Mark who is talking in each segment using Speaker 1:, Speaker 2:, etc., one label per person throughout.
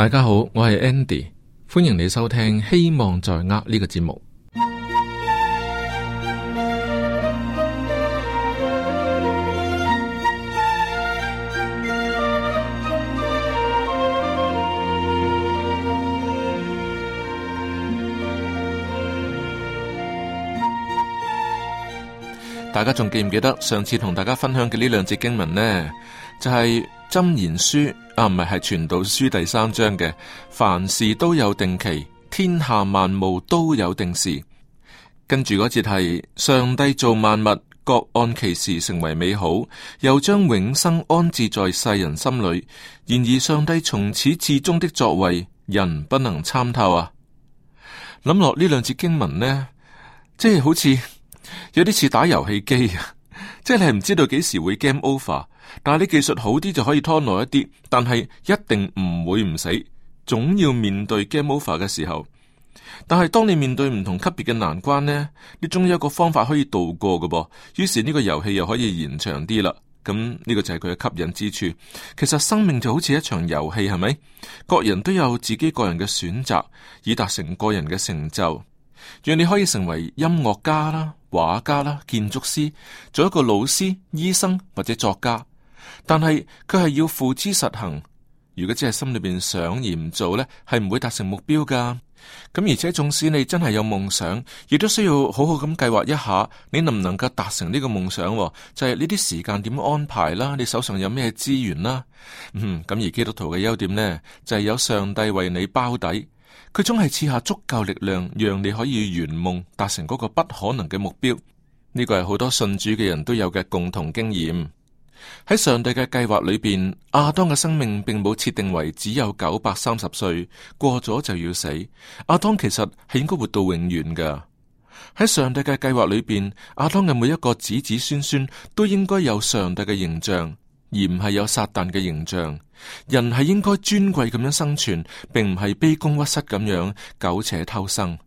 Speaker 1: 大家好，我係 Andy，歡迎你收聽《希望在握》呢個節目。大家仲記唔記得上次同大家分享嘅呢兩節經文呢？就係。箴言書啊，唔係係傳道書第三章嘅，凡事都有定期，天下萬物都有定時。跟住嗰節係，上帝造萬物，各按其時成為美好，又將永生安置在世人心裏。然而上帝從始至終的作為，人不能參透啊！諗落呢兩節經文呢，即係好似有啲似打遊戲機啊。即係你唔知道幾時會 game over，但係你技術好啲就可以拖耐一啲，但係一定唔會唔死，總要面對 game over 嘅時候。但係當你面對唔同級別嘅難關呢，你總有個方法可以度過嘅噃。於是呢個遊戲又可以延長啲啦。咁呢個就係佢嘅吸引之處。其實生命就好似一場遊戲，係咪？各人都有自己個人嘅選擇，以達成個人嘅成就。讓你可以成為音樂家啦、畫家啦、建築師，做一個老師、醫生或者作家。但係佢係要付之實行。如果只係心裏邊想而唔做呢，係唔會達成目標噶咁而且，縱使你真係有夢想，亦都需要好好咁計劃一下，你能唔能夠達成呢個夢想？就係呢啲時間點樣安排啦，你手上有咩資源啦。嗯，咁而基督徒嘅優點呢，就係有上帝為你包底。佢總係賜下足夠力量，讓你可以圓夢達成嗰個不可能嘅目標。呢個係好多信主嘅人都有嘅共同經驗。喺上帝嘅計劃裏邊，亞當嘅生命並冇設定為只有九百三十歲，過咗就要死。亞當其實係應該活到永遠噶。喺上帝嘅計劃裏邊，亞當嘅每一個子子孫孫都應該有上帝嘅形象，而唔係有撒旦嘅形象。人係應該尊貴咁樣生存，並唔係卑躬屈膝咁樣苟且偷生。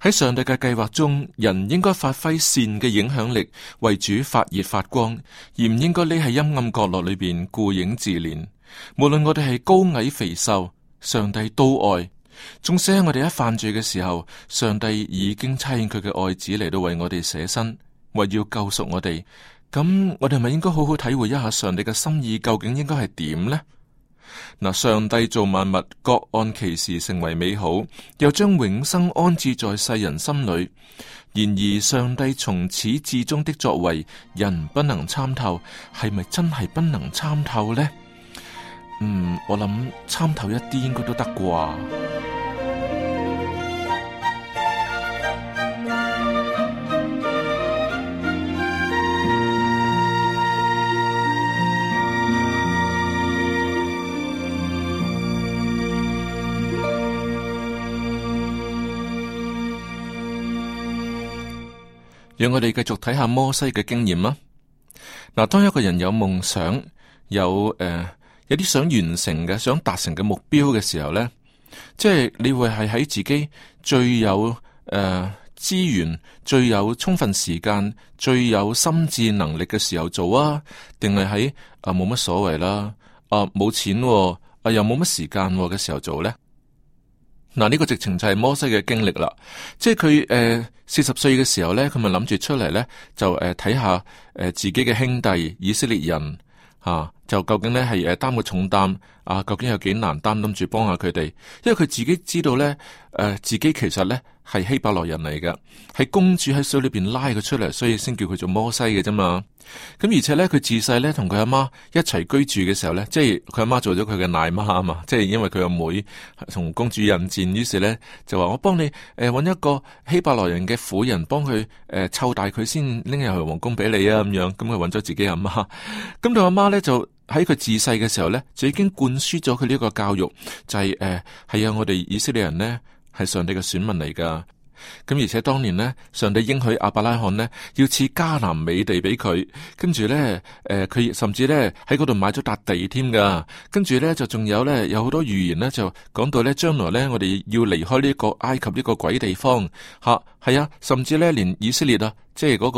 Speaker 1: 喺上帝嘅計劃中，人應該發揮善嘅影響力，為主發熱發光，而唔應該匿喺陰暗角落裏邊顧影自憐。無論我哋係高矮肥瘦，上帝都愛。縱使喺我哋一犯罪嘅時候，上帝已經差遣佢嘅愛子嚟到為我哋捨身，為要救贖我哋。咁我哋咪應該好好體會一下上帝嘅心意究竟應該係點呢？嗱，上帝造萬物，各按其時成為美好，又將永生安置在世人心裏。然而，上帝從始至終的作為，人不能參透，係咪真係不能參透呢？嗯，我諗參透一啲應該都得啩。讓我哋繼續睇下摩西嘅經驗啦。嗱，當一個人有夢想、有誒、呃、有啲想完成嘅、想達成嘅目標嘅時候咧，即係你會係喺自己最有誒資、呃、源、最有充分時間、最有心智能力嘅時候做啊，定係喺啊冇乜所謂啦，呃、啊冇錢，又啊又冇乜時間嘅時候做咧？嗱呢個直情就係摩西嘅經歷啦，即係佢誒四十歲嘅時候咧，佢咪諗住出嚟咧，就誒睇下誒自己嘅兄弟以色列人吓、啊，就究竟咧係誒擔個重擔啊，究竟有幾難擔，諗住幫下佢哋，因為佢自己知道咧誒、呃、自己其實咧係希伯羅人嚟噶，係公主喺水裏邊拉佢出嚟，所以先叫佢做摩西嘅啫嘛。咁而且咧，佢自細咧同佢阿媽一齊居住嘅時候咧，即係佢阿媽做咗佢嘅奶媽嘛，即係因為佢阿妹同公主印戰於是咧，就話我幫你誒揾一個希伯來人嘅婦人幫佢誒湊大佢先拎入去王宮俾你啊咁樣，咁佢揾咗自己阿媽。咁佢阿媽咧就喺佢自細嘅時候咧，就已經灌輸咗佢呢一個教育，就係誒係有我哋以色列人咧係上帝嘅選民嚟噶。咁而且當年呢，上帝應許阿伯拉罕呢，要賜迦南美地俾佢，跟住呢，誒、呃，佢甚至呢喺嗰度買咗笪地添㗎，跟住呢，就仲有呢，有好多預言呢就講到呢，將來呢，我哋要離開呢個埃及呢個鬼地方，吓、啊、係啊，甚至呢連以色列啊，即係嗰、那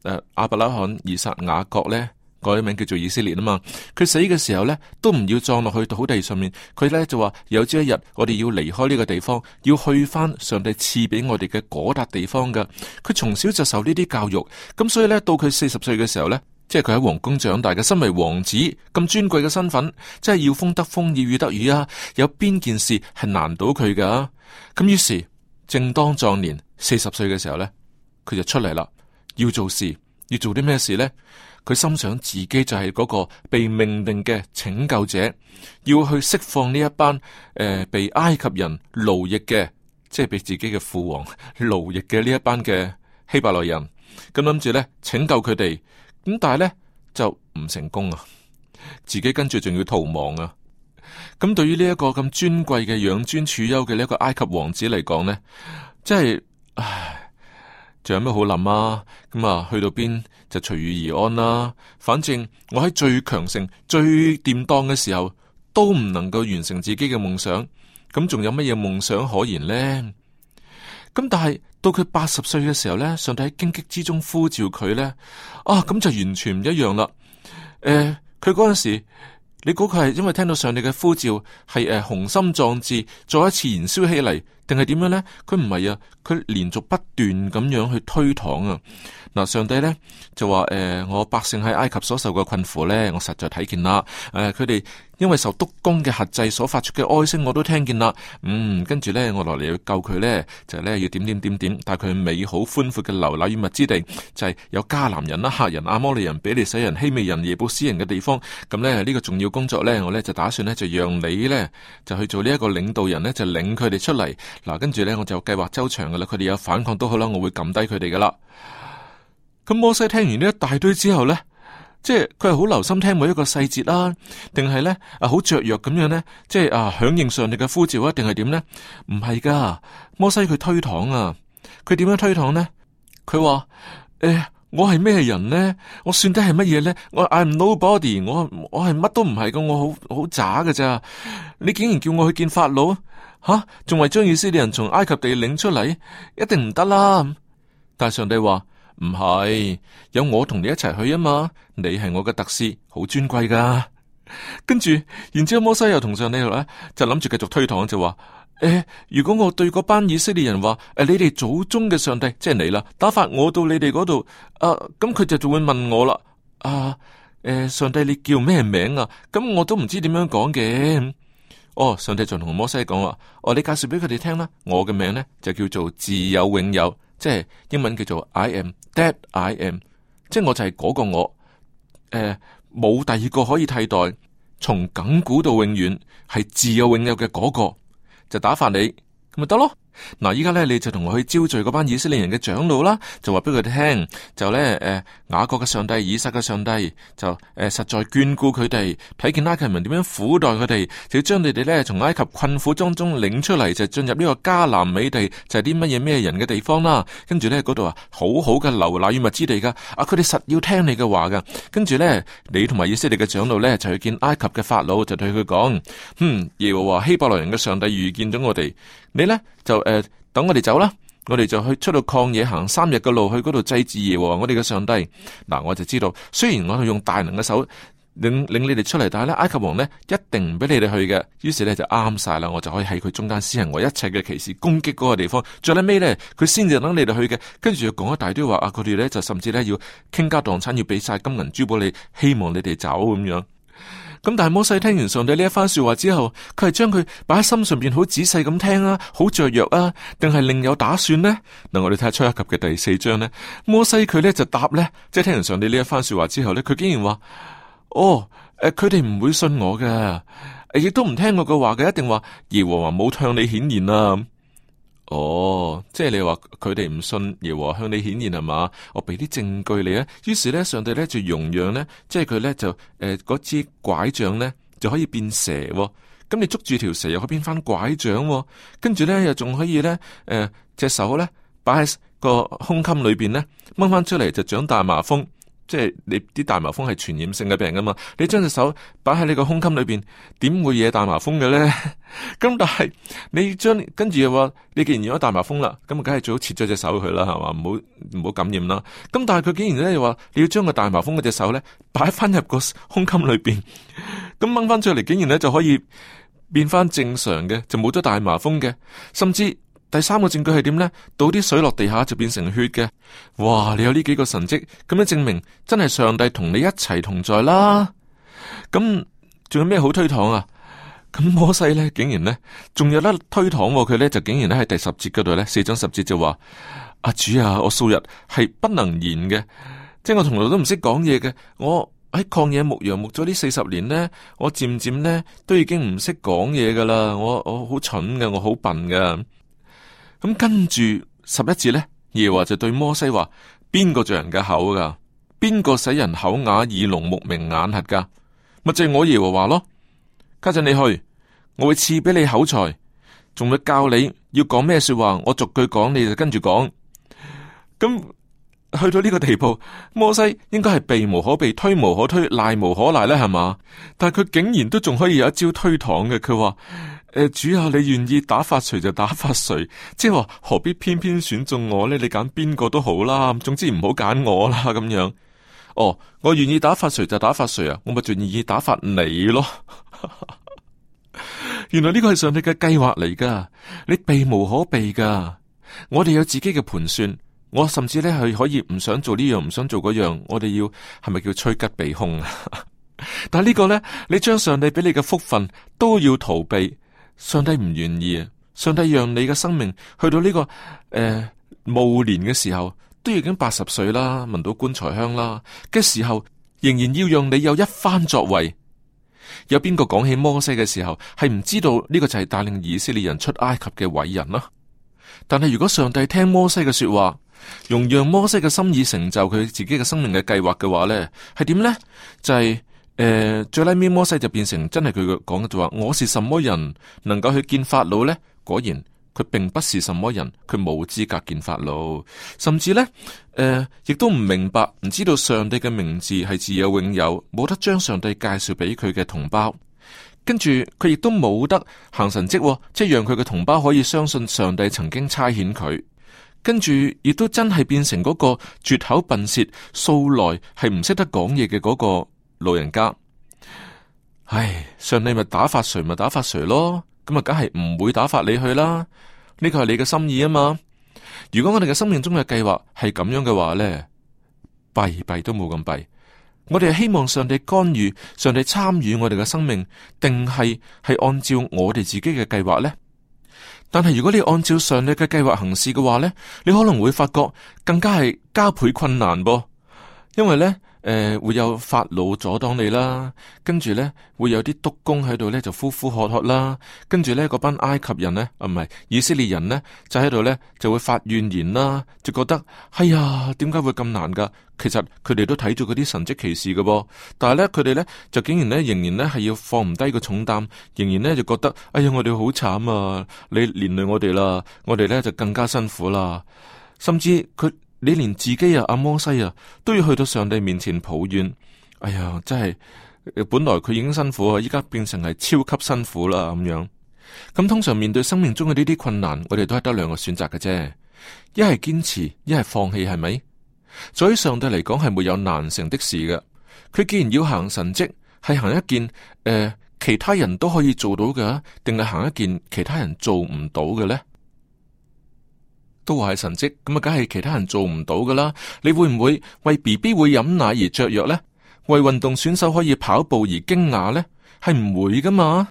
Speaker 1: 個誒誒亞伯拉罕以撒雅各呢。改名叫做以色列啊嘛，佢死嘅時候呢都唔要葬落去土地上面，佢呢就話有朝一日我哋要離開呢個地方，要去翻上帝賜俾我哋嘅嗰笪地方噶。佢從小就受呢啲教育，咁所以呢，到佢四十歲嘅時候呢，即係佢喺皇宮長大嘅，身為王子咁尊貴嘅身份，真係要風得風，要雨得雨啊。有邊件事係難倒佢噶，啊？咁於是正當壯年四十歲嘅時候呢，佢就出嚟啦，要做事，要做啲咩事呢？佢心想自己就係嗰個被命令嘅拯救者，要去釋放呢一班誒、呃、被埃及人奴役嘅，即係被自己嘅父王奴役嘅呢一班嘅希伯來人。咁諗住咧拯救佢哋，咁但係咧就唔成功啊！自己跟住仲要逃亡啊！咁對於呢一個咁尊貴嘅養尊處優嘅呢一個埃及王子嚟講咧，真係唉。仲有咩好諗啊？咁啊，去到邊就隨遇而安啦、啊。反正我喺最強盛、最掂當嘅時候，都唔能夠完成自己嘅夢想。咁仲有乜嘢夢想可言呢？咁但係到佢八十歲嘅時候呢，上帝喺荊棘之中呼召佢呢，啊，咁就完全唔一樣啦。誒、呃，佢嗰陣時，你估佢係因為聽到上帝嘅呼召，係誒雄心壯志再一次燃燒起嚟。定係點樣呢？佢唔係啊，佢連續不斷咁樣去推搪啊！嗱，上帝呢，就話：誒、呃，我百姓喺埃及所受嘅困苦呢，我實在睇見啦。誒、呃，佢哋因為受督工嘅轄制所發出嘅哀聲，我都聽見啦。嗯，跟住呢，我落嚟要救佢呢，就係呢要點點點點，帶佢去美好寬闊嘅流奶與蜜之地，就係、是、有迦南人啦、赫人、阿摩利人、比利洗人、希未人、耶布斯人嘅地方。咁呢，呢、這個重要工作呢，我呢就打算呢，就讓你呢，就去做呢一個領導人呢，就領佢哋出嚟。嗱，跟住咧我就計劃周詳噶啦，佢哋有反抗都好啦，我會撳低佢哋噶啦。咁摩西聽完呢一大堆之後咧，即係佢係好留心聽每一個細節啦，定係咧啊好雀躍咁樣咧，即係啊響應上帝嘅呼召啊，定係點咧？唔係噶，摩西佢推搪啊，佢點樣推搪咧？佢話誒。欸我係咩人呢？我算得係乜嘢呢？我 I'm nobody，我我係乜都唔係噶，我好好渣噶咋？你竟然叫我去見法老吓，仲、啊、為將以色列人從埃及地領出嚟，一定唔得啦。但係上帝話唔係有我同你一齊去啊嘛，你係我嘅特使，好尊貴噶。跟住，然之後摩西又同上帝話，就諗住繼續推搪就話。誒、欸，如果我對嗰班以色列人話誒、欸，你哋祖宗嘅上帝即係你啦，打發我到你哋嗰度啊，咁佢就就會問我啦啊，誒、欸，上帝你叫咩名啊？咁我都唔知點樣講嘅。哦，上帝就同摩西講話，哦，你介紹俾佢哋聽啦，我嘅名咧就叫做自有永有，即係英文叫做 I am, that I am，即係我就係嗰個我，誒、欸，冇第二個可以替代，從亙古到永遠係自有永有嘅嗰、那個。就打發你咁，咪得咯。嗱，依家咧你就同我去招聚嗰班以色列人嘅長老啦，就話俾佢哋聽，就咧誒，雅各嘅上帝、以撒嘅上帝，就誒、呃、實在眷顧佢哋，睇見埃及人點樣苦待佢哋，就將你哋咧從埃及困苦當中領出嚟，就進入呢個迦南美地，就係啲乜嘢咩人嘅地方啦。跟住咧嗰度啊，好好嘅流奶與蜜之地噶，啊，佢哋實要聽你嘅話噶。跟住咧，你同埋以色列嘅長老咧就去見埃及嘅法老，就對佢講：嗯，耶和華希伯來人嘅上帝遇見咗我哋。你咧就誒、呃、等我哋走啦，我哋就去出到曠野行三日嘅路去嗰度祭祀耶和華，我哋嘅上帝，嗱我就知道，雖然我係用大能嘅手領領，領你哋出嚟，但係咧埃及王咧一定唔俾你哋去嘅。於是咧就啱晒啦，我就可以喺佢中間施行我一切嘅奇事攻擊嗰個地方。最屘尾咧，佢先至等你哋去嘅，跟住講一大堆話啊！佢哋咧就甚至咧要傾家蕩產，要俾晒金銀珠寶，你，希望你哋走咁樣。咁但係摩西聽完上帝呢一番說話之後，佢係將佢擺喺心上邊好仔細咁聽啊，好雀躍啊，定係另有打算呢？嗱，我哋睇下出埃及嘅第四章咧，摩西佢咧就答咧，即係聽完上帝呢一番說話之後咧，佢竟然話：哦、oh, 呃，誒，佢哋唔會信我嘅，亦、呃、都唔聽我句話嘅，一定話耶和華冇向你顯現啊。哦，即係你話佢哋唔信耶和向你顯現係嘛？我俾啲證據你啊。於是咧，上帝咧就容讓咧，即係佢咧就誒，嗰、呃、支拐杖咧就可以變蛇，咁你捉住條蛇又可以變翻拐杖，跟住咧又仲可以咧誒，隻、呃、手咧擺喺個胸襟裏邊咧掹翻出嚟就長大麻風。即係你啲大麻風係傳染性嘅病噶嘛？你將隻手擺喺你個胸襟裏邊，點會惹大麻風嘅咧？咁 但係你將跟住又話，你既然染咗大麻風啦，咁啊梗係最好切咗隻手佢啦，係嘛？唔好唔好感染啦。咁 但係佢竟然咧又話，你要將個大麻風嗰隻手咧擺翻入個胸襟裏邊，咁掹翻出嚟竟然咧、 嗯、就可以變翻正常嘅，就冇咗大麻風嘅，甚至。第三個證據係點呢？倒啲水落地下就變成血嘅。哇！你有呢幾個神迹，咁樣證明真係上帝同你一齊同在啦。咁、嗯、仲有咩好推搪啊？咁摩西呢，竟然呢，仲有得推搪過佢、啊、呢，就竟然咧喺第十節嗰度呢，四章十節就話：阿、啊、主啊，我數日係不能言嘅，即、就、係、是、我從來都唔識講嘢嘅。我喺曠野牧羊牧咗呢四十年呢，我漸漸呢，都已經唔識講嘢噶啦。我我好蠢嘅，我好笨嘅。咁跟住十一節咧，耶和華就對摩西話：邊個造人嘅口噶？邊個使人口啞、耳聾、目明眼、眼瞎噶？咪就,就我耶和華咯。家陣你去，我會賜俾你口才，仲會教你要講咩說話。我逐句講，你就跟住講。咁去到呢個地步，摩西應該係避無可避、推無可推、賴無可賴啦，係嘛？但係佢竟然都仲可以有一招推搪嘅，佢話。誒，主啊，你願意打發誰就打發誰。即係話何必偏偏選中我呢？你揀邊個都好啦，總之唔好揀我啦，咁樣。哦，我願意打發誰就打發誰啊，我咪仲願意打發你咯。 原來呢個係上帝嘅計劃嚟噶，你避無可避噶。我哋有自己嘅盤算，我甚至咧係可以唔想做呢樣，唔想做嗰樣。我哋要係咪叫趨吉避凶啊？ 但係呢個呢，你將上帝俾你嘅福分都要逃避。上帝唔願意啊！上帝讓你嘅生命去到呢、這個誒暮、呃、年嘅時候，都已經八十歲啦，聞到棺材香啦嘅時候，仍然要讓你有一番作為。有邊個講起摩西嘅時候，係唔知道呢個就係帶領以色列人出埃及嘅偉人啦？但係如果上帝聽摩西嘅說話，容讓摩西嘅心意成就佢自己嘅生命嘅計劃嘅話呢，係點呢？就係、是。最拉咪摩西就變成真係佢嘅講嘅就話，我是什麼人能夠去見法老呢？果然佢並不是什麼人，佢冇資格見法老，甚至呢，呃、亦都唔明白，唔知道上帝嘅名字係自有永有，冇得將上帝介紹俾佢嘅同胞。跟住佢亦都冇得行神蹟，哦，即係讓佢嘅同胞可以相信上帝曾經差遣佢。跟住亦都真係變成嗰個絕口笨舌，素來係唔識得講嘢嘅嗰個老人家，唉，上帝咪打發誰咪打發誰咯，咁啊，梗係唔會打發你去啦。呢個係你嘅心意啊嘛。如果我哋嘅生命中嘅計劃係咁樣嘅話咧，弊弊都冇咁弊。我哋係希望上帝干預、上帝參與我哋嘅生命，定係係按照我哋自己嘅計劃呢？但係如果你按照上帝嘅計劃行事嘅話咧，你可能會發覺更加係加倍困難噃，因為咧。誒、呃，會有法老阻擋你啦，跟住呢，會有啲督工喺度呢，就呼呼喝喝啦，跟住呢，嗰班埃及人呢，啊、唔係、以色列人呢，就喺度呢，就會發怨言啦，就覺得哎呀，點解會咁難噶？其實佢哋都睇住嗰啲神跡奇事噶噃，但係呢，佢哋呢，就竟然呢，仍然呢，係要放唔低個重擔，仍然呢，就覺得哎呀，我哋好慘啊！你連累我哋啦，我哋呢，就更加辛苦啦，甚至佢。你連自己啊、阿摩西啊都要去到上帝面前抱怨，哎呀，真係本來佢已經辛苦啊，依家變成係超級辛苦啦咁樣。咁通常面對生命中嘅呢啲困難，我哋都係得兩個選擇嘅啫，一係堅持，一係放棄，係咪？所以上帝嚟講係沒有難成的事嘅。佢既然要行神跡，係行一件誒、呃、其他人都可以做到嘅，定係行一件其他人做唔到嘅呢？都話係神蹟，咁，啊，梗係其他人做唔到噶啦。你會唔會為 B B 會飲奶而雀躍呢？為運動選手可以跑步而驚訝呢？係唔會噶嘛？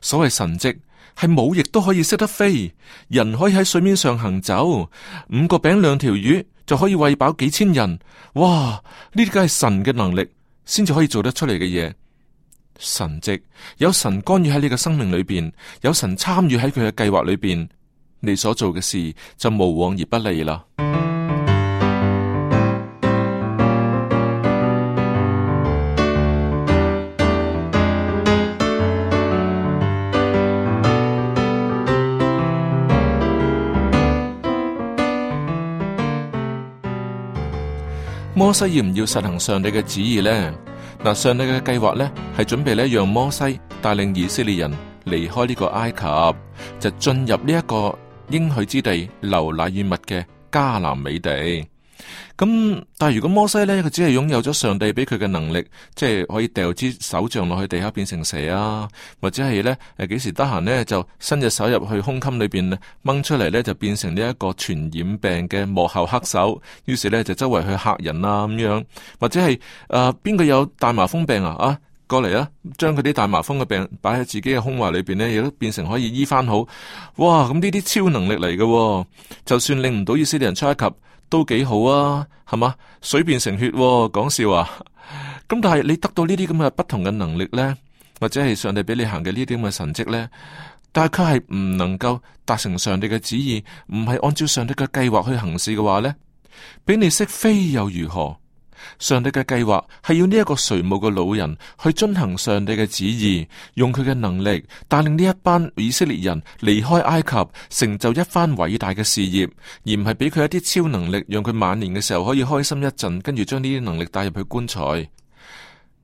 Speaker 1: 所謂神蹟係冇翼都可以識得飛，人可以喺水面上行走，五個餅兩條魚就可以餵飽幾千人。哇！呢啲梗係神嘅能力先至可以做得出嚟嘅嘢。神蹟有神干預喺你個生命裏邊，有神參與喺佢嘅計劃裏邊。你所做嘅事就無往而不利啦。摩西要唔要實行上帝嘅旨意呢？嗱，上帝嘅計劃呢，係準備呢讓摩西帶領以色列人離開呢個埃及，就進入呢、這、一個。應許之地流奶與蜜嘅迦南美地，咁但係如果摩西呢，佢只係擁有咗上帝俾佢嘅能力，即係可以掉支手杖落去地下變成蛇啊，或者係呢，誒，幾時得閒呢，就伸隻手入去胸襟裏邊掹出嚟呢，就變成呢一個傳染病嘅幕後黑手，於是呢，就周圍去嚇人啦、啊、咁樣，或者係誒邊個有大麻風病啊啊！過嚟啊！將佢啲大麻風嘅病擺喺自己嘅胸懷裏邊呢亦都變成可以醫翻好。哇！咁呢啲超能力嚟嘅，就算令唔到以色列人出埃及都幾好啊，係嘛？水變成血，哦，講笑啊！咁 但係你得到呢啲咁嘅不同嘅能力呢，或者係上帝俾你行嘅呢啲咁嘅神蹟呢，但係佢係唔能夠達成上帝嘅旨意，唔係按照上帝嘅計劃去行事嘅話呢，俾你識飛又如何？上帝嘅計劃係要呢一個垂暮嘅老人去遵行上帝嘅旨意，用佢嘅能力帶領呢一班以色列人離開埃及，成就一番偉大嘅事業，而唔係俾佢一啲超能力，讓佢晚年嘅時候可以開心一陣，跟住將呢啲能力帶入去棺材。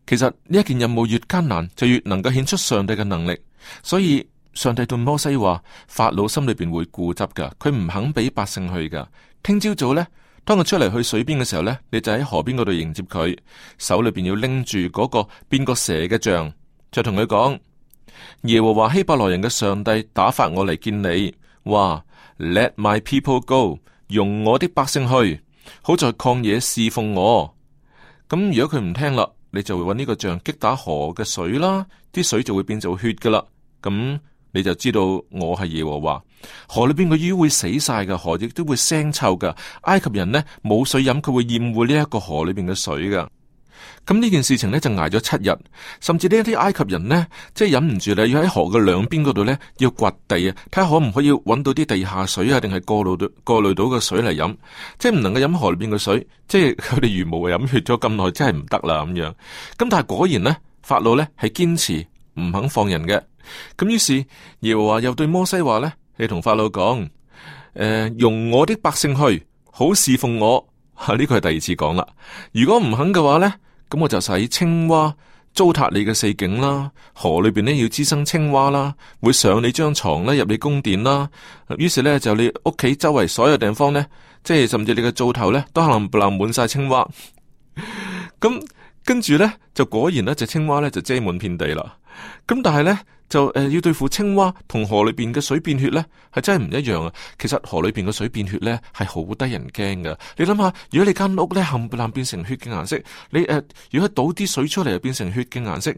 Speaker 1: 其實呢一件任務越艱難，就越能夠顯出上帝嘅能力。所以上帝對摩西話：法老心裏邊會固執噶，佢唔肯俾百姓去噶。聽朝早呢。當佢出嚟去水邊嘅時候呢，你就喺河邊嗰度迎接佢，手裏邊要拎住嗰個變個蛇嘅杖，就同佢講，耶和華希伯來人嘅上帝打發我嚟見你，話 Let my people go，容我啲百姓去，好在曠野侍奉我。咁如果佢唔聽啦，你就會揾呢個杖擊打河嘅水啦，啲水就會變做血噶啦。咁。你就知道我係耶和華，河裏邊嘅魚會死晒噶，河亦都會腥臭噶。埃及人呢冇水飲，佢會厭惡呢一個河裏邊嘅水噶。咁呢件事情呢就挨咗七日，甚至呢一啲埃及人呢即係忍唔住啦，要喺河嘅兩邊嗰度呢要掘地啊，睇下可唔可以揾到啲地下水啊，定係過濾到過濾到嘅水嚟飲，即係唔能夠飲河裏邊嘅水，即係佢哋茹毛飲血咗咁耐，真係唔得啦咁樣。咁但係果然呢，法老呢係堅持唔肯放人嘅。咁於是耶和華又對摩西話咧：你同法老講，誒、呃，容我的百姓去，好侍奉我。呢個係第二次講啦。如果唔肯嘅話呢，咁我就使青蛙糟蹋你嘅四境啦。河裏邊呢要滋生青蛙啦，會上你張床咧，入你宮殿啦。於是呢，就你屋企周圍所有地方呢，即係甚至你嘅灶頭呢，都可能布滿晒青蛙。咁跟住呢，就果然一隻青蛙呢，就遮滿遍地啦。咁但係呢，就誒、呃、要對付青蛙同河裏邊嘅水變血呢，係真係唔一樣啊！其實河裏邊嘅水變血呢，係好得人驚噶。你諗下，如果你間屋呢冚唪唥變成血嘅顏色，你誒、呃、如果倒啲水出嚟，又變成血嘅顏色，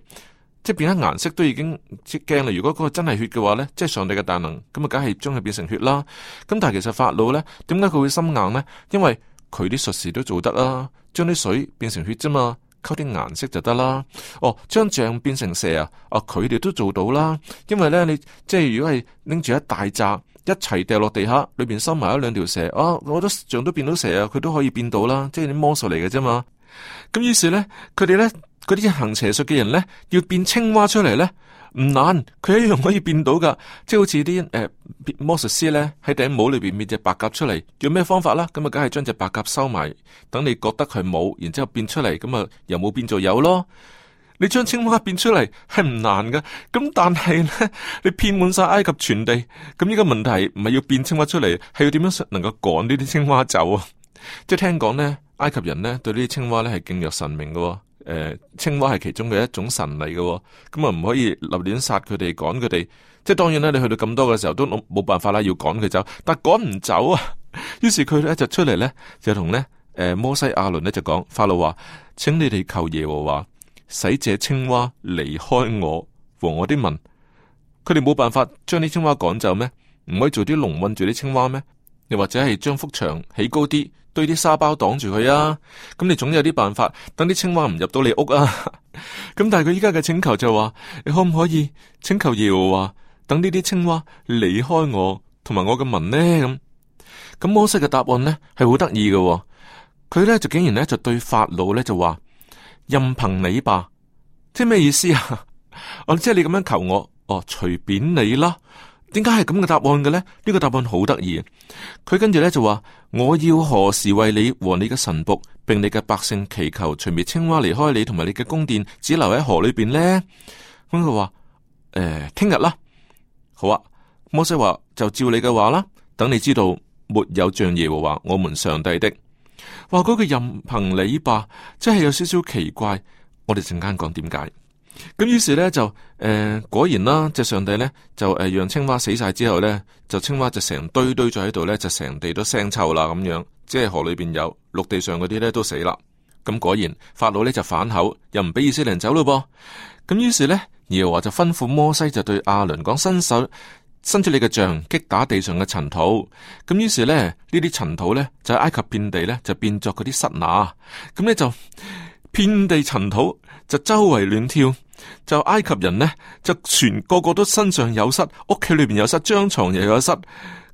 Speaker 1: 即係變咗顏色都已經即係驚啦。如果嗰個真係血嘅話呢，即係上帝嘅大能，咁啊梗係將佢變成血啦。咁但係其實法老呢，點解佢會心硬呢？因為佢啲術士都做得啦，將啲水變成血啫嘛。溝啲顏色就得啦。哦，將象變成蛇啊！啊，佢哋都做到啦。因為咧，你即係如果係拎住一大紮一齊掉落地下，裏邊收埋一兩條蛇啊，我覺得象都變到蛇啊，佢都可以變到啦。即係啲魔術嚟嘅啫嘛。咁於是咧，佢哋咧，嗰啲行邪術嘅人咧，要變青蛙出嚟咧。唔難，佢一樣可以變到噶，即係好似啲誒魔術師咧喺頂帽裏邊變隻白鴿出嚟，用咩方法啦？咁啊，梗係將隻白鴿收埋，等你覺得佢冇，然之後變出嚟，咁啊又冇變做有咯。你將青蛙變出嚟係唔難噶，咁但係咧，你遍滿晒埃及全地，咁呢個問題唔係要變青蛙出嚟，係要點樣能夠趕呢啲青蛙走啊？即係聽講咧，埃及人咧對呢啲青蛙咧係敬若神明噶。誒、呃，青蛙係其中嘅一種神嚟嘅。哦，咁啊唔可以立亂殺佢哋，趕佢哋，即係當然咧。你去到咁多嘅時候，都冇冇辦法啦，要趕佢走，但趕唔走啊。於是佢咧就出嚟咧，就同咧誒摩西亞倫咧就講法老話，請你哋求耶和華使這青蛙離開我和我啲民。佢哋冇辦法將啲青蛙趕走咩？唔可以做啲籠困住啲青蛙咩？又或者係將幅牆起高啲，堆啲沙包擋住佢啊！咁你總有啲辦法，等啲青蛙唔入到你屋啊！咁 但係佢依家嘅請求就話：你可唔可以請求堯啊？等呢啲青蛙離開我同埋我嘅文呢？咁咁摩西嘅答案呢係好得意嘅，佢咧、哦、就竟然咧就對法老咧就話：任憑你吧，即咩意思啊？ 哦，即、就、係、是、你咁樣求我，哦，隨便你啦。點解係咁嘅答案嘅咧？呢個答案好得意啊！佢跟住咧就話：我要何時為你和你嘅神僕，並你嘅百姓祈求，除滅青蛙離開你同埋你嘅宮殿，只留喺河裏邊呢？咁佢話：誒，聽日啦。好啊，摩西話就照你嘅話啦。等你知道，沒有像耶和華我們上帝的。話嗰句任憑你吧，真係有少少奇怪。我哋陣間講點解。咁於是咧就誒、呃、果然啦，即上帝咧就誒、呃、讓青蛙死晒之後咧，就青蛙就成堆堆咗喺度咧，就成地都腥臭啦咁樣，即係河裏邊有陸地上嗰啲咧都死啦。咁果然法老咧就反口，又唔俾以色列人走咯噃。咁於是咧，耶和華就吩咐摩西就對亞倫講：伸手，伸出你嘅杖，擊打地上嘅塵土。咁於是咧呢啲塵土咧就喺埃及遍地咧就變作嗰啲虱乸。咁咧就。遍地塵土，就周圍亂跳。就埃及人呢，就全個個都身上有蝨，屋企裏邊有蝨，張床又有蝨。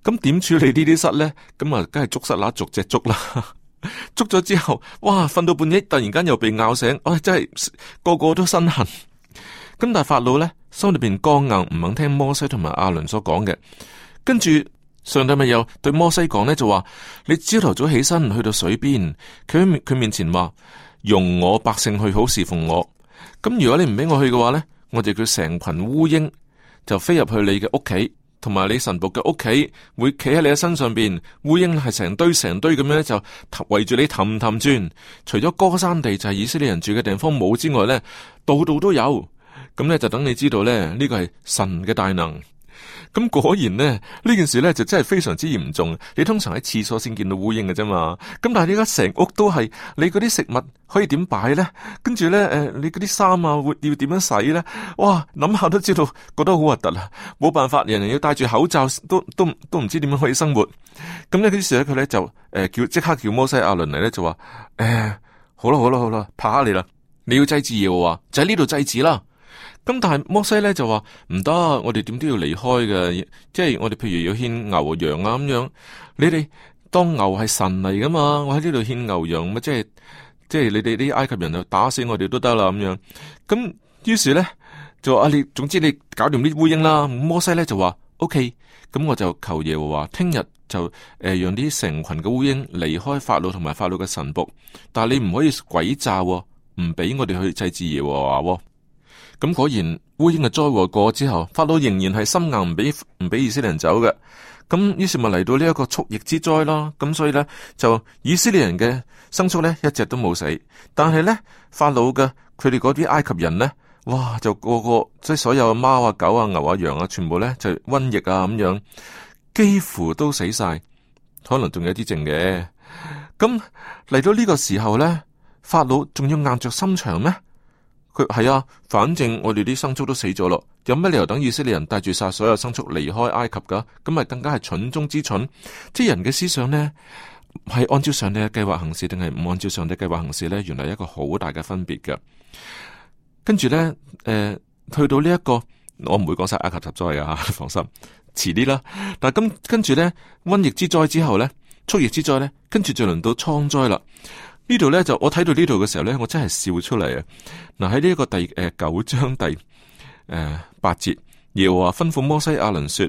Speaker 1: 咁點處理呢啲蝨呢？咁啊，梗係捉蝨乸逐隻捉啦。捉咗之後，哇，瞓到半夜突然間又被咬醒，唉、哎，真係個個都身痕。咁 但係法老呢，心裏邊剛硬，唔肯聽摩西同埋阿倫所講嘅。跟住上帝咪又對摩西講呢，就話：你朝頭早起身去到水邊，佢喺佢面前話。容我百姓去，好侍奉我，咁如果你唔俾我去嘅話呢，我就叫成群烏蠅就飛入去你嘅屋企，同埋你神僕嘅屋企，會企喺你嘅身上邊。烏蠅係成堆成堆咁樣就圍住你氹氹轉。除咗歌山地，就係以色列人住嘅地方冇之外呢，度度都有。咁咧就等你知道呢，呢個係神嘅大能。咁果然呢，呢件事呢就真係非常之嚴重。你通常喺廁所先見到烏蠅嘅啫嘛。咁但係依家成屋都係你嗰啲食物可以點擺呢？跟住呢，誒，你嗰啲衫啊，會要點樣洗呢？哇，諗下都知道，覺得好核突啊！冇辦法，人人要戴住口罩，都都都唔知點樣可以生活。咁呢啲事咧，佢呢就誒叫即刻叫摩西亞倫嚟咧，就話：誒、哎，好啦好啦好啦，拍下你啦，你要祭祀要話，就喺呢度祭祀啦。咁但係摩西咧就話唔得，我哋點都要離開嘅，即係我哋譬如要獻牛和羊啊咁樣。你哋當牛係神嚟噶嘛？我喺呢度獻牛羊，咁即係即係你哋啲埃及人就打死我哋都得啦咁樣。咁於是咧就啊你，總之你搞掂啲烏蠅啦。摩西咧就話 OK，咁我就求耶和華，聽日就誒、呃、讓啲成群嘅烏蠅離開法老同埋法老嘅神僕，但係你唔可以鬼詐、哦，唔俾我哋去祭祀耶和華、哦。咁果然烏蠅嘅災禍過之後，法老仍然係心硬，唔俾唔俾以色列人走嘅。咁於是咪嚟到呢一個畜疫之災啦。咁所以呢，就以色列人嘅牲畜呢，一隻都冇死。但係呢，法老嘅佢哋嗰啲埃及人呢，哇就個個即係所有貓啊、狗啊、牛啊、羊啊，全部呢，就瘟疫啊咁樣，幾乎都死晒。可能仲有啲剩嘅。咁嚟到呢個時候呢，法老仲要硬着心腸咩？佢係啊，反正我哋啲牲畜都死咗咯，有乜理由等以色列人帶住晒所有牲畜離開埃及噶？咁咪更加係蠢中之蠢。啲人嘅思想呢，係按照上帝嘅計劃行事，定係唔按照上帝計劃行事呢？原來一個好大嘅分別噶。跟住呢，誒、呃，去到呢、這、一個，我唔會講晒埃及十災啊，放心，遲啲啦。但係咁跟住呢，瘟疫之災之後呢，畜疫之災呢，跟住就輪到瘡災啦。呢度咧就我睇到呢度嘅時候咧，我真係笑出嚟啊！嗱，喺呢一個第誒、呃、九章第誒、呃、八節，耶和華吩咐摩西、亞倫說：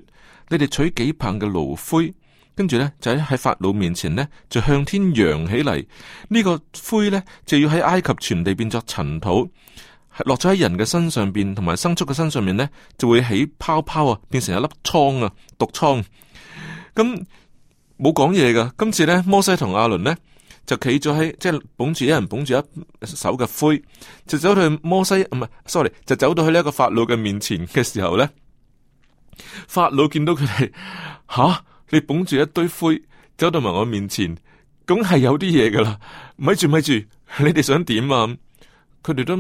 Speaker 1: 你哋取幾捧嘅爐灰，跟住咧就喺法老面前咧就向天揚起嚟。呢個灰咧就要喺埃及全地變作塵土，落咗喺人嘅身上邊，同埋牲畜嘅身上面咧就會起泡泡啊，變成一粒瘡啊，毒瘡。咁冇講嘢噶，今次咧摩西同亞倫咧。就企咗喺即係捧住一人捧住一手嘅灰，就走到去摩西唔係，sorry，就走到去呢一個法老嘅面前嘅時候咧，法老見到佢哋，吓，啊，你捧住一堆灰走到埋我面前，咁係有啲嘢噶啦。咪住咪住，你哋想點啊？佢哋都。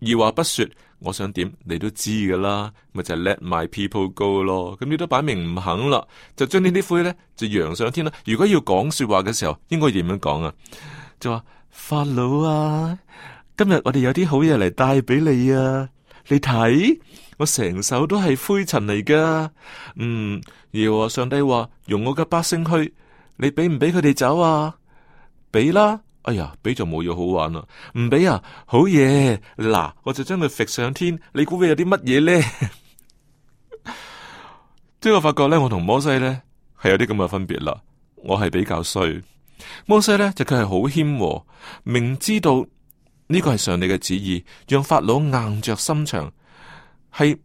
Speaker 1: 二話不說，我想點你都知噶啦，咪就 let my people go 咯。咁你都擺明唔肯啦，就將呢啲灰咧就揚上天啦。如果要講說話嘅時候，應該點樣講啊？就話法老啊，今日我哋有啲好嘢嚟帶畀你啊，你睇我成手都係灰塵嚟噶。嗯，耶和上帝話容我嘅百姓去，你畀唔畀佢哋走啊？畀啦。哎呀，俾就冇嘢好玩啦，啊，唔俾啊，好嘢！嗱，我就將佢揈上天，你估會有啲乜嘢咧？即 係我發覺咧，我同摩西咧係有啲咁嘅分別啦。我係比較衰，摩西咧就佢係好謙和，明知道呢，這個係上帝嘅旨意，讓法老硬着心腸，係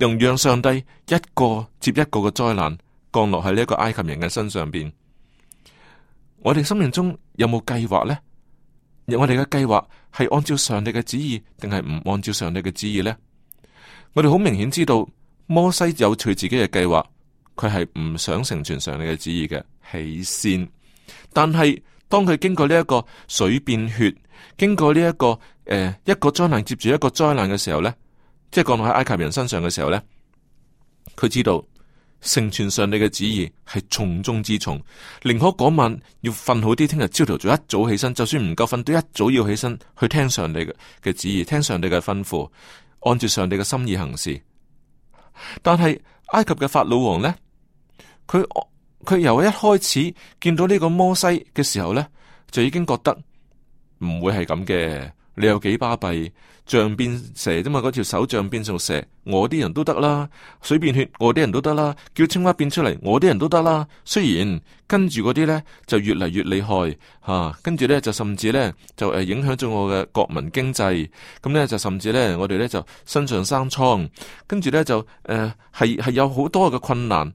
Speaker 1: 用讓上帝一個接一個嘅災難降落喺呢一個埃及人嘅身上邊。我哋生命中有冇計劃呢？若我哋嘅計劃係按照上帝嘅旨意，定係唔按照上帝嘅旨意呢？我哋好明顯知道摩西有隨自己嘅計劃，佢係唔想成全上帝嘅旨意嘅起先。但係當佢經過呢一個水變血，經過呢、這個呃、一個誒一個災難接住一個災難嘅時候呢，即係降落喺埃及人身上嘅時候呢，佢知道。成全上帝嘅旨意係重中之重，寧可嗰晚要瞓好啲，聽日朝頭早一早起身，就算唔夠瞓都一早要起身去聽上帝嘅嘅旨意，聽上帝嘅吩咐，按照上帝嘅心意行事。但係埃及嘅法老王呢？佢佢由一開始見到呢個摩西嘅時候呢，就已經覺得唔會係咁嘅。你有幾巴閉，杖變蛇啫嘛？嗰條手杖變做蛇，我啲人都得啦。水變血，我啲人都得啦。叫青蛙變出嚟，我啲人都得啦。雖然跟住嗰啲呢就越嚟越厲害吓、啊，跟住呢就甚至呢就誒影響咗我嘅國民經濟。咁、嗯、呢就甚至呢，我哋呢就身上生瘡，跟住呢就誒係係有好多嘅困難。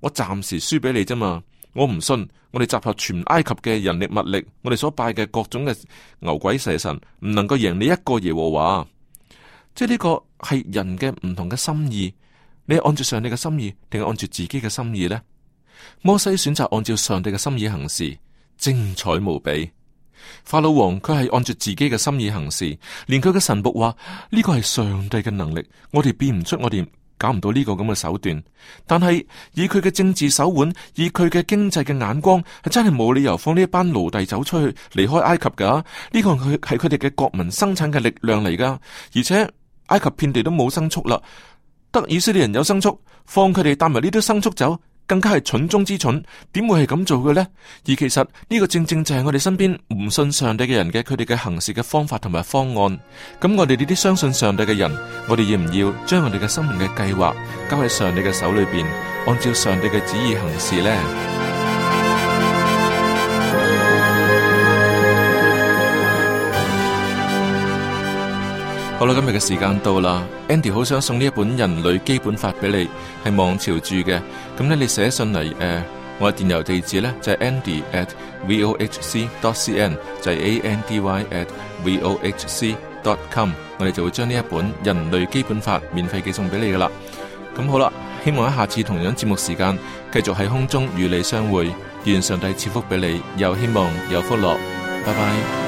Speaker 1: 我暫時輸俾你啫嘛。我唔信，我哋集合全埃及嘅人力物力，我哋所拜嘅各種嘅牛鬼蛇神，唔能夠贏你一個耶和華。即係呢個係人嘅唔同嘅心意，你按照上帝嘅心意，定係按照自己嘅心意咧？摩西選擇按照上帝嘅心意行事，精彩無比。法老王佢係按照自己嘅心意行事，連佢嘅神僕話呢個係上帝嘅能力，我哋變唔出我哋。搞唔到呢個咁嘅手段，但係以佢嘅政治手腕，以佢嘅經濟嘅眼光，係真係冇理由放呢一班奴隸走出去離開埃及噶。呢個佢係佢哋嘅國民生產嘅力量嚟噶，而且埃及遍地都冇牲畜啦，得以色列人有牲畜，放佢哋帶埋呢啲牲畜走。更加係蠢中之蠢，點會係咁做嘅呢？而其實呢個正正就係我哋身邊唔信上帝嘅人嘅，佢哋嘅行事嘅方法同埋方案。咁我哋呢啲相信上帝嘅人，我哋要唔要將我哋嘅生命嘅計劃交喺上帝嘅手裏邊，按照上帝嘅旨意行事呢？好啦，今日嘅時間到啦，Andy 好想送呢一本《人類基本法》俾你，係網朝住嘅，咁呢，你寫信嚟誒，我嘅電郵地址呢，就係 Andy at vohc.cn，就係 Andy at vohc.com，就係 Andy at vohc.com，我哋就會將呢一本《人類基本法》免費寄送俾你噶啦。咁好啦，希望喺下次同樣節目時間繼續喺空中與你相會，願上帝賜福俾你，又希望有福樂，拜拜。